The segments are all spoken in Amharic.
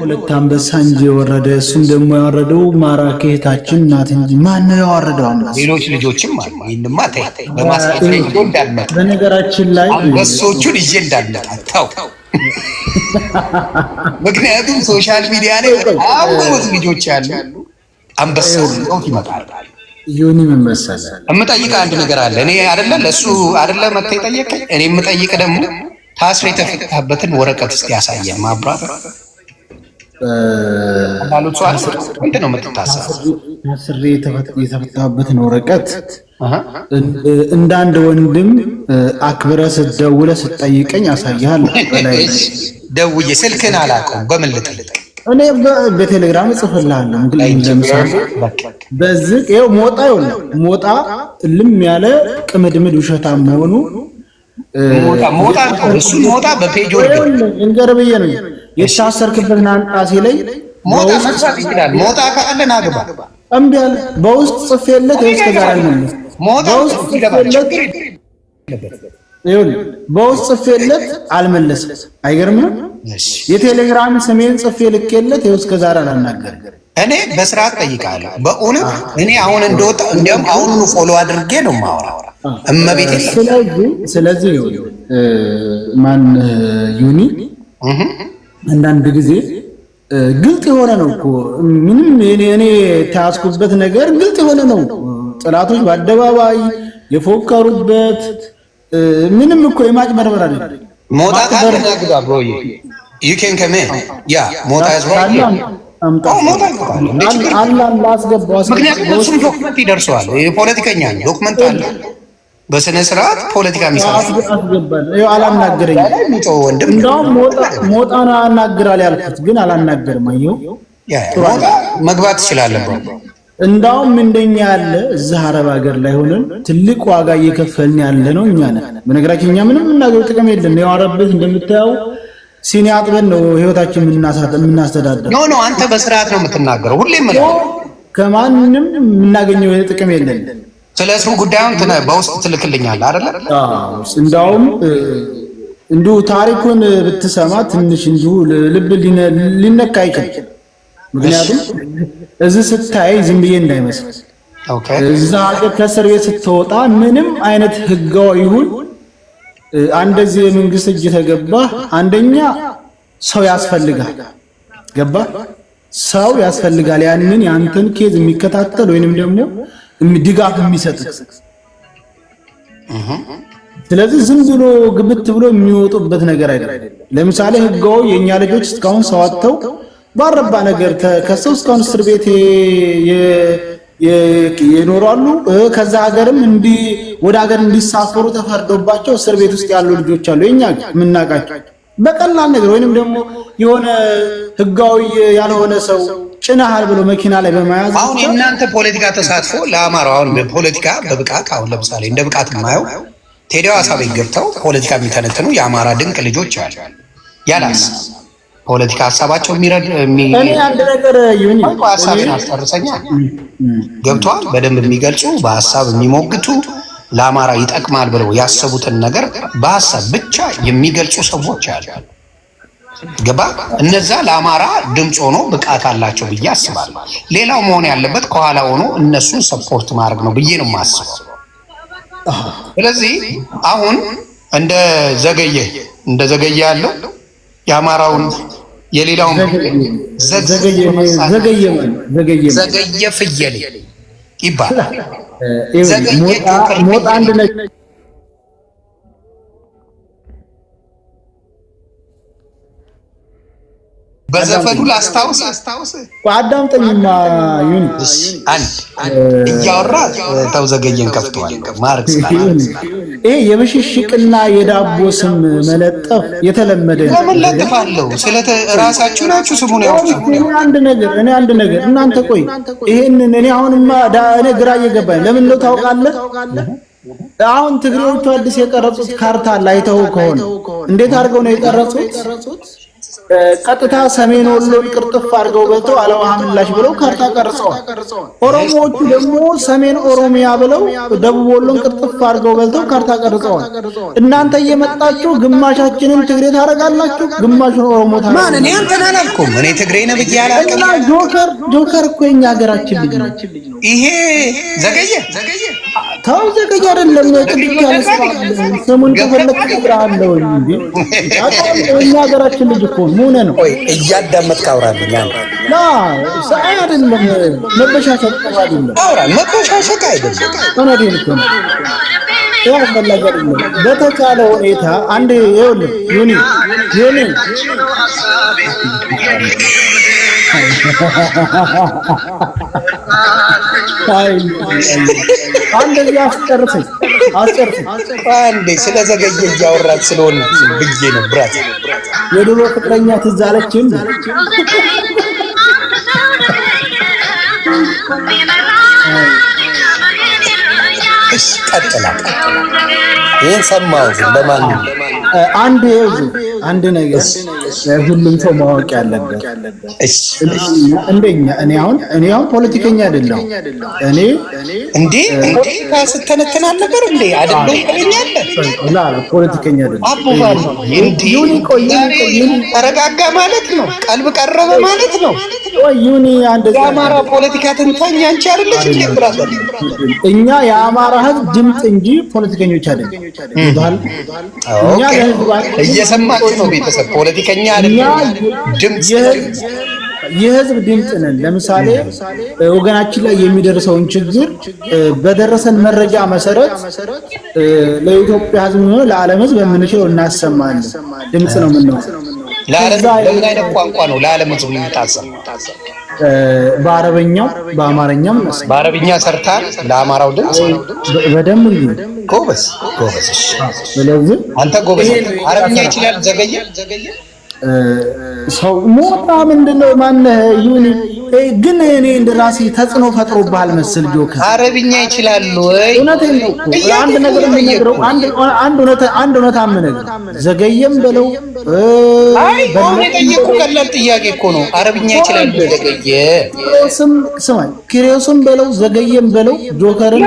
ሁለት አንበሳ እንጂ የወረደ እሱም ደግሞ ያወረደው ማራኪ እህታችን ናት እንጂ ማን ነው ያወረደው? አንበሳ ሌሎች ልጆችም አሉ። ይህንማ ተይ በማስጌጥ ላይ እንዳልመጣ በነገራችን ላይ አንበሶቹን ይዤ እንዳልመጣ ተው። ምክንያቱም ሶሻል ሚዲያ ላይ በጣም ጎበዝ ልጆች ያሉ አንበሳውን ይዘውት ይመጣል። ዮኒ ምን መሰለህ የምጠይቅህ አንድ ነገር አለ። እኔ አይደለ ለእሱ አይደለ መተህ የጠየቀኝ እኔ የምጠይቅህ ደግሞ ታስሮ የተፈታበትን ወረቀት እስኪ ያሳየን ማብራራ ምንድን ነው የተፈታበትን ወረቀት እንደ አንድ ወንድም አክብረ ስትደውለህ ስትጠይቀኝ አሳያል። ደውዬ ስልክን አላውቀውም። በምን ልጠይቅ? እኔ በቴሌግራም እጽፍልሃለሁ። ለምሳሌ በዚህ ይኸው ሞጣ ይኸውልህ፣ ሞጣ ልም ያለ ቅምድምድ ውሸታ መሆኑ ሞጣ እሱን ሞጣ በፔጅ ወርድ ልንገርህ ነው የታሰርክበት ናንጣሴ ላይ ሞጣ ከአንድ ናግባ እምቢ አለ። በውስጥ ጽፌለት በውስጥ ጽፌለት አልመለስም። አይገርምም? የቴሌግራም ስሜን ጽፌ ልኬለት ይኸው እስከ ዛሬ አላናገርም። እኔ በስርዓት ጠይቃለሁ። በእውነት እኔ አሁን እንደወጣ እንዲያውም አሁኑኑ ፎሎ አድርጌ ነው ስለዚህ ስለዚህ ማን ዩኒ አንዳንድ ጊዜ ግልጥ የሆነ ነው እኮ ምንም እኔ ተያዝኩበት ነገር ግልጥ የሆነ ነው። ጥላቶች በአደባባይ የፎከሩበት ምንም እኮ የማጭበርበር አይደለም። ሞጣ ካለ ግባ ብሮዬ ዩ ኬን ከሜ ያ ሞጣ ያዝሮሞጣ አላም ላስገባ ምክንያቱም እሱም ዶክመንት ይደርሰዋል። የፖለቲከኛ ዶክመንት አለ በስነ ስርዓት ፖለቲካ ሚሰራል አላናገረኝ። እንደውም ሞጣን አናግራል ያልኩት ግን አላናገርም። አየሁ መግባት ትችላለህ። እንዳውም እንደኛ ያለ እዚህ አረብ ሀገር ላይ ሆነን ትልቅ ዋጋ እየከፈልን ያለ ነው እኛ ነን። በነገራችን እኛ ምንም የምናገሩ ጥቅም የለን። ያው አረብ ቤት እንደምታየው ሲኒ አጥበን ነው ህይወታችን የምናስተዳደር። ኖ ኖ አንተ በስርዓት ነው የምትናገረው። ሁሌ ከማንም የምናገኘው ጥቅም የለን ስለ እስሙ ጉዳዩን በውስጥ ትልክልኛል አይደለ? እንዳውም እንዲሁ ታሪኩን ብትሰማ ትንሽ እንዲሁ ልብ ሊነካ አይችል። ምክንያቱም እዚህ ስታይ ዝም ብዬ እንዳይመስል እዛ ሀገር ከእስር ቤት ስትወጣ ምንም አይነት ህጋዊ ይሁን አንደዚህ የመንግስት እጅ ተገባ። አንደኛ ሰው ያስፈልጋል። ገባ ሰው ያስፈልጋል። ያንን ያንተን ኬዝ የሚከታተል ወይንም ደግሞ ድጋፍ የሚሰጥ ስለዚህ ዝም ብሎ ግብት ብሎ የሚወጡበት ነገር አይደለም። ለምሳሌ ህጋዊ የእኛ ልጆች እስካሁን ሰው አጥተው ባረባ ነገር ተከሰው እስካሁን እስር ቤት ይኖራሉ። ከዛ ሀገርም እንዲ ወደ ሀገር እንዲሳፈሩ ተፈርዶባቸው እስር ቤት ውስጥ ያሉ ልጆች አሉ፣ የኛ የምናውቃቸው በቀላል ነገር ወይንም ደግሞ የሆነ ህጋዊ ያልሆነ ሰው ጭናሃል ብሎ መኪና ላይ በመያዝ አሁን የእናንተ ፖለቲካ ተሳትፎ ለአማራው አሁን በፖለቲካ በብቃት አሁን ለምሳሌ እንደ ብቃት ማየው ቴዲ ሀዋሳ ቤት ገብተው ፖለቲካ የሚተነትኑ የአማራ ድንቅ ልጆች አሉ። ያላስ ፖለቲካ ሀሳባቸው የሚረድ ሀሳብን አስጨርሰኛ ገብተዋል። በደንብ የሚገልጹ በሀሳብ የሚሞግቱ ለአማራ ይጠቅማል ብለው ያሰቡትን ነገር በሀሳብ ብቻ የሚገልጹ ሰዎች አሉ። ገባ እነዛ ለአማራ ድምፅ ሆኖ ብቃት አላቸው ብዬ አስባለሁ። ሌላው መሆን ያለበት ከኋላ ሆኖ እነሱን ሰፖርት ማድረግ ነው ብዬ ነው የማስበው። ስለዚህ አሁን እንደ ዘገየ እንደ ዘገየ ያለው የአማራውን የሌላውን ዘገየ ፍየሌ ይባላል። ዘገየ ሞጣ አንድ በዘፈኑ ላስታውስ አዳምጠኝማ ዩኒ አንድ እያወራ ተው ዘገየን ከፍተዋል ይሄ የብሽሽቅና የዳቦ ስም መለጠፍ የተለመደ ነው። ለምን ለጥፋለሁ? ስለ ራሳችሁ ናችሁ ስሙን አንድ ነገር እኔ አንድ ነገር እናንተ ቆይ ይሄንን እኔ አሁንማ እኔ ግራ እየገባኝ ለምን ነው ታውቃለህ? አሁን ትግሬዎቹ አዲስ የቀረጹት ካርታ ላይተው ከሆነ እንዴት አድርገው ነው የቀረጹት? ቀጥታ ሰሜን ወሎን ቅርጥፍ አድርገው በልተው አለውሃ ምላሽ ብለው ካርታ ቀርጸዋል። ኦሮሞዎቹ ደግሞ ሰሜን ኦሮሚያ ብለው ደቡብ ወሎን ቅርጥፍ አድርገው በልተው ካርታ ቀርጸዋል። እናንተ እየመጣችሁ ግማሻችንን ትግሬ ታደርጋላችሁ፣ ግማሹን ኦሮሞ ታደርጋላችሁ። ማን እኔ አንተን አላልኩም። እኔ ትግሬ ነህ ብዬ አላልኩም። እና ጆከር ጆከር እኮ የኛ ሀገራችን ልጅ ነው። ይሄ ዘገየ ዘገየ ታው ዘገኝ አይደለም። ስሙን እንዴ አጣም እኛ ሀገራችን ልጅ እኮ ነው እያዳመጥክ አውራልኝ። ና አይደለም አይደለም አውራ አይደለም ነው ያ አስፈላጊ አይደለም። በተቻለ ሁኔታ አንድ ይኸውልህ ዩኒ ዩኒ አንዴ ስለዘገየ ስለሆነ ብዬ ነው። ብራት የድሮ ፍቅረኛ ትዝ እሺ ቀጥላ ይህን ለማንኛውም አንድ አንድ ነገር ሁሉም ሰው ማወቅ ያለበት እንደኛ እኔ አሁን እኔ አሁን ፖለቲከኛ አይደለሁ። እኔ እንዴ ፖለቲካ ስተነትን አልነበር እንዴ አይደለም ላ ፖለቲከኛ አይደለም። ተረጋጋ ማለት ነው። ቀልብ ቀረበ ማለት ነው። ዩኒ የአማራ ፖለቲካ ትንታኝ አንቺ አይደለች እኛ የአማራ ህዝብ ድምፅ እንጂ ፖለቲከኞች አይደለም። እየሰማችሁ ነው ቤተሰብ ፖለቲከኛ የኛ የህዝብ ድምፅ ነን። ለምሳሌ ወገናችን ላይ የሚደርሰውን ችግር በደረሰን መረጃ መሰረት ለኢትዮጵያ ህዝብ ሆነ ለዓለም ህዝብ የምንችለው እናሰማለን። ድምፅ ነው ምን የምንሆነው። ለምን አይነት ቋንቋ ነው ለዓለም ህዝብ የሚታሰብ? በአረበኛው በአማርኛም በአረብኛ ሰርታን ለአማራው ድምፅ በደንብ ጎበዝ ጎበዝ። ስለዚህ አንተ ጎበዝ አረብኛ ይችላል ዘገየ ዘገየ ሰው ሞጣ ምንድነው? ማነህ ይሁን ግን እኔ እንደ ራሴ ተጽዕኖ ፈጥሮብሃል መሰል ጆከር። አረብኛ ይችላሉ ወይ? እውነቴን ነው አንድ ነገር የምነግረው አንድ አንድ እውነት አንድ እውነት አመነግ ዘገየም በለው። አይ ወይ የጠየኩህ ቀላል ጥያቄ እኮ ነው። አረብኛ ይችላሉ ዘገየ ስም ስማኝ፣ ኪሪዮስም በለው ዘገየም በለው ጆከርን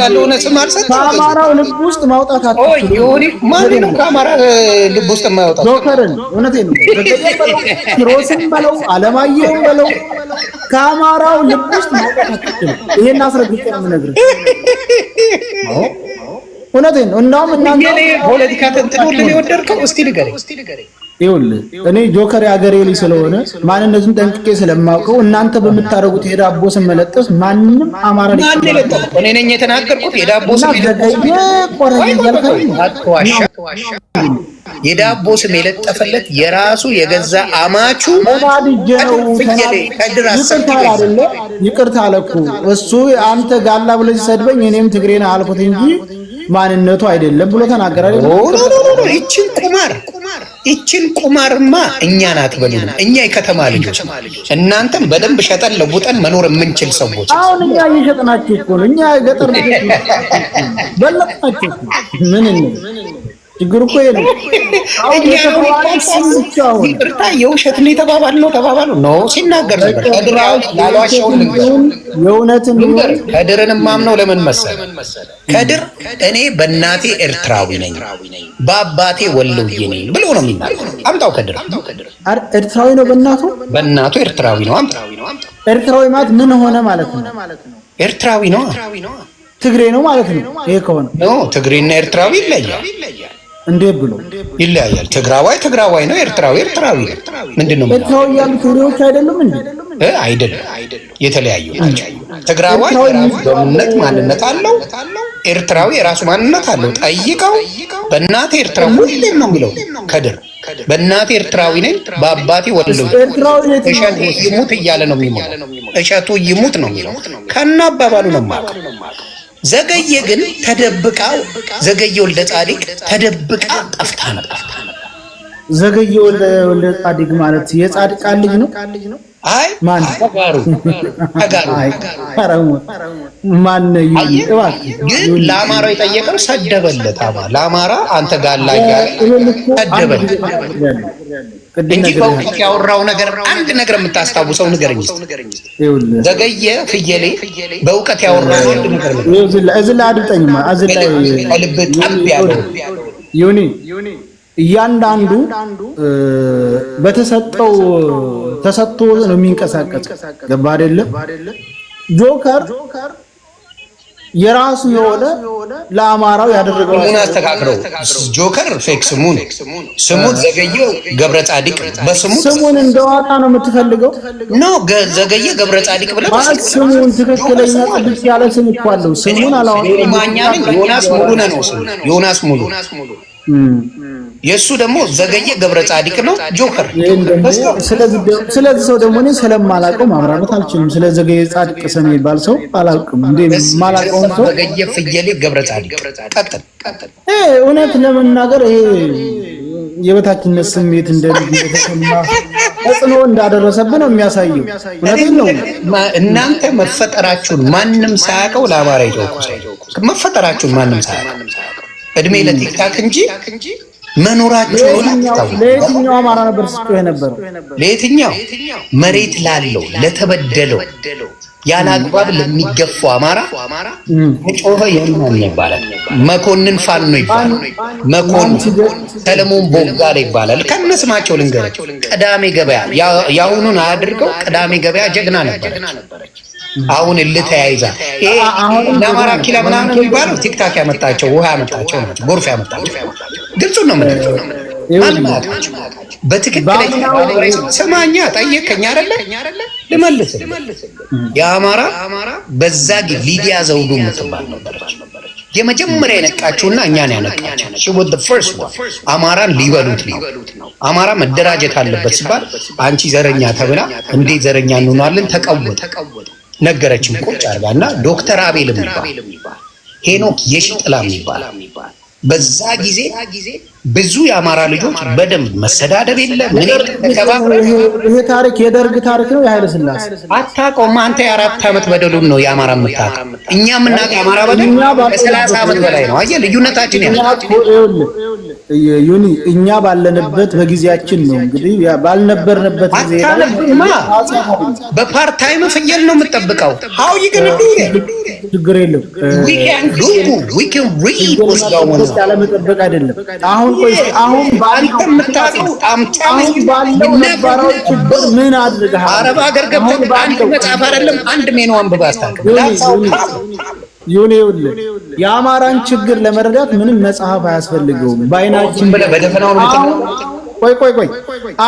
ያለውን ስም አልሰጥም። ከአማራው ልብ ውስጥ ማውጣት አትችልም። ነው ከአማራ ልብ ውስጥ ማውጣት ጆከርን እውነቴን ነው ዘገየም በለው ኪሪዮስም በለው አለማየሁም በለው ከአማራው ልብ ውስጥ ማውጣት ይሄን አስረግጬ ነው የምነግርህ። እውነቴን ነው። እንዳውም እናንተ ፖለቲካ ተንትኖ ለወደድከው እስቲ ንገረኝ ይኸውልህ እኔ ጆከር የአገሬ ላይ ስለሆነ ማንነቱን ጠንቅቄ ስለማውቀው እናንተ በምታደርጉት የዳቦ ስም መለጠፍ ማንም አማራ ልጅ እኔ ነኝ የተናገርኩት የዳቦ ስም የዳቦ ስም የለጠፈለት የራሱ የገዛ አማቹ ይቅርታ አለ እኮ እሱ አንተ ጋላ ብሎ ሲሰድበኝ እኔም ትግሬን አልኩት እንጂ ማንነቱ አይደለም ብሎ ተናገራል። ይችን ቁማር ይችን ቁማርማ እኛ ናት በሉ፣ እኛ የከተማ ልጆች እናንተም በደንብ ሸጠን ለውጠን መኖር የምንችል ሰዎች። አሁን እኛ እየሸጥናችሁ እኮ ነው። እኛ ገጠር ልጆች በለጥናችሁ ምን ችግሩ እኮ ይሄ ነው። ይቅርታ የውሸት ነው የተባባልነው ተባባሉ ነው ሲናገር የእውነትን ከድርን ማምነው ለምን መሰለ ከድር እኔ በእናቴ ኤርትራዊ ነኝ በአባቴ ወሎዬ ነኝ ብሎ ነው የሚናገር። አምጣው ከድር ኤርትራዊ ነው በእናቱ በእናቱ ኤርትራዊ ነው። አምጣው ኤርትራዊ ማለት ምን ሆነ ማለት ነው? ኤርትራዊ ነው ትግሬ ነው ማለት ነው። ይሄ ከሆነ ትግሬና ኤርትራዊ ይለያል። እንዴት ብሎ ይለያያል? ትግራዋይ ትግራዋይ ነው፣ ኤርትራዊ ኤርትራዊ ምንድን ነው? ኤርትራዊ ያሉ ትግሬዎች አይደሉም እንዴ? አይደለም፣ የተለያዩ ናቸው። ትግራዋይ በእምነት ማንነት አለው፣ ኤርትራዊ የራሱ ማንነት አለው። ጠይቀው በእናቴ ኤርትራዊ ሁሌም ነው የሚለው ከድር በእናቴ ኤርትራዊ ነኝ በአባቴ ወለሉ እሸቱ ይሙት እያለ ነው የሚሞት እሸቱ ይሙት ነው የሚለው ከና አባባሉ ነው የማውቀው ዘገየ ግን ተደብቃው ዘገየ ወልደ ጻዲቅ ተደብቃ ጠፍታ ነው። ዘገየ ወልደ ጻዲቅ ማለት የጻድቃን ልጅ ነው። አይ ማን ተጋሩ ተጋሩ ማን ግን ለአማራው የጠየቀው ሰደበለት። አማ ለአማራ አንተ ጋላ ሰደበለት እንጂ በእውቀት ያወራው ነገር አንድ ነገር የምታስታውሰው ንገረኝ እስኪ። ዘገየ ፍየሌ በእውቀት ያወራው አንድ ነገር እዚህ ላይ አድምጠኝማ፣ እዚህ ላይ ልብ ጠብ ያለው ዮኒ እያንዳንዱ በተሰጠው ተሰጥቶ ነው የሚንቀሳቀስ። ገባ አይደለም? ጆከር የራሱ የሆነ ለአማራው ያደረገው ስሙን አስተካክለው ጆከር ፌክ ስሙን ስሙን ዘገየ ገብረ ጻዲቅ በስሙ ስሙን እንደዋጣ ነው የምትፈልገው። ኖ ዘገየ ገብረ ጻዲቅ ብለህ ስሙን ትክክለኛ ጥብቅ ያለ ስም እኮ አለው። ስሙን አላወጣም። ማኛ ዮናስ ሙሉ ነው ስሙ ዮናስ ሙሉ የእሱ ደግሞ ዘገየ ገብረ ጻዲቅ ነው ጆከር። ስለዚህ ሰው ደግሞ እኔ ስለማላውቀው ማምራራት አልችልም። ስለ ዘገየ ጻድቅ ጻዲቅ ስለሚባል ሰው አላውቅም። እንደ ማላውቀውን ሰው ዘገየ ፍየሌ ገብረ ጻዲቅ ቀጥል። እውነት ለመናገር ይሄ የበታችነት ስሜት እንደ እንደተሰማ ተጽዕኖ እንዳደረሰብን ነው የሚያሳየው። እውነቴን ነው። እናንተ መፈጠራችሁን ማንም ሳያውቀው ለአማራ ይተኩ መፈጠራችሁን ማንም ሳያውቀው እድሜ ለቲክታክ እንጂ መኖራቸውን ለየትኛው አማራ ነበር የነበረው? ለየትኛው መሬት ላለው ለተበደለው ያለ አግባብ ለሚገፉ አማራ ተጮኸ የማን ይባላል? መኮንን ፋኖ ይባላል። መኮንን ሰለሞን ይባላል። ከነስማቸው ልንገራቸው፣ ቅዳሜ ገበያ ቅዳሜ ገበያ ጀግና ነበረች። አሁን እልህ ተያይዛ እና አማራ ኪላ ምናምን የሚባለው ቲክታክ ያመጣቸው ውሃ ያመጣቸው ናቸው፣ ጎርፍ ያመጣቸው ግልጹን ነው የምንለው። ማንም አያውቃቸው በትክክለኛ ስማኛ ጠየቀኝ አይደለ ልመልስ። የአማራ በዛ ሊዲያ ዘውዱ የምትባል ነበረች የመጀመሪያ የነቃችሁና እኛን ያነቃችሁ ፈርስት አማራን ሊበሉት ነው። አማራ መደራጀት አለበት ሲባል አንቺ ዘረኛ ተብላ እንዴት ዘረኛ እንሆናለን ተቀወጠ። ነገረችም ቁጭ አርጋና ዶክተር አቤል የሚባል ሄኖክ የሽጥላ የሚባል በዛ ጊዜ ብዙ የአማራ ልጆች በደንብ መሰዳደብ የለም። ይሄ ታሪክ የደርግ ታሪክ ነው። የኃይለ ስላሴ አታውቀውም አንተ። የአራት ዓመት በደሉን ነው የአማራ ምታት እኛ የምናውቀው የአማራ በደል ከሰላሳ ዓመት በላይ ነው። አየህ ልዩነታችን ዩኒ እኛ ባለንበት በጊዜያችን ነው እንግዲህ ባልነበርንበት ጊዜ በፓርታይም ፍየል ነው የምጠብቀው። ሀው ይገነዱ ችግር የለም። ያለመጠበቅ አይደለም አሁን ቆይ አሁን ባንተ የምታውቀው አምጣኝ ባለው ነባራው ችግር ምን አድርገሃል? አረብ ሀገር ገብተህ አንድ መጽሐፍ አይደለም አንድ ሜኑ አንብባ አስታውቅም። ይሁን ይሁን የአማራን ችግር ለመረዳት ምንም መጽሐፍ አያስፈልገውም። በአይናችን በደፈናው ነው ቆይ ቆይ ቆይ፣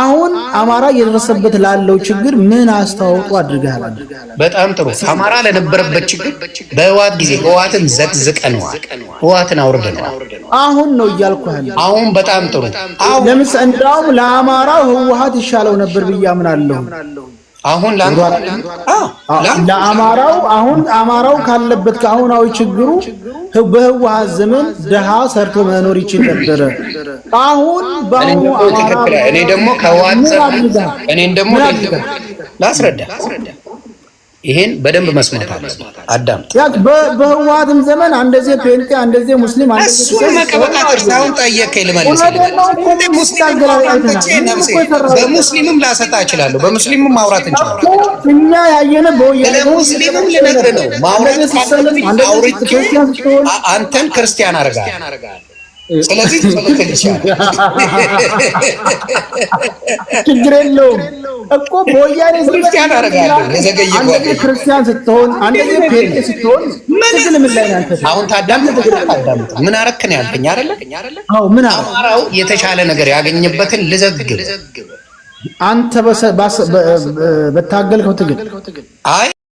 አሁን አማራ እየደረሰበት ላለው ችግር ምን አስተዋጽኦ አድርገሃል? በጣም ጥሩ። አማራ ለነበረበት ችግር በህዋት ጊዜ ህዋትን ዘቅዝቀነዋል፣ ህዋትን አውርደነዋል። አሁን ነው እያልኩህ። አሁን በጣም ጥሩ። ለምሳሌ እንዳውም ለአማራው ህወሀት ይሻለው ነበር ብዬ አምናለሁ። አሁን ለአማራው አሁን አማራው ካለበት ከአሁናዊ ችግሩ በህወሓት ዘመን ድሃ ሰርቶ መኖር ይችል ነበረ። አሁን በአሁኑ እኔ ደግሞ ከዋት እኔን ደግሞ ላስረዳ ይሄን በደንብ መስማት አለ። አዳም ያክ በህዋትም ዘመን አንደዚህ ፔንቴ አንደዚህ ሙስሊም አንደዚህ እሱ መቀበቃቀር ሳይሆን ጠየቀኝ ልመልስ። በሙስሊምም ላሰጣ እችላለሁ። በሙስሊምም ማውራት እንችላለን። እኛ ያየነ በወያኔ ሙስሊምም ልነግርህ ነው። ማውራት ካለ አንተን ክርስቲያን አደርጋለሁ ስለዚህ ችግር የለውም እኮ በወያኔ ክርስቲያን አደርጋለሁ። ክርስቲያን ስትሆን አሁን ታዳምጥ ምን ያልከኝ አይደለ? ምን አማራው የተሻለ ነገር ያገኘበትን ልዘግብ አንተ በታገልከው ትግል አይ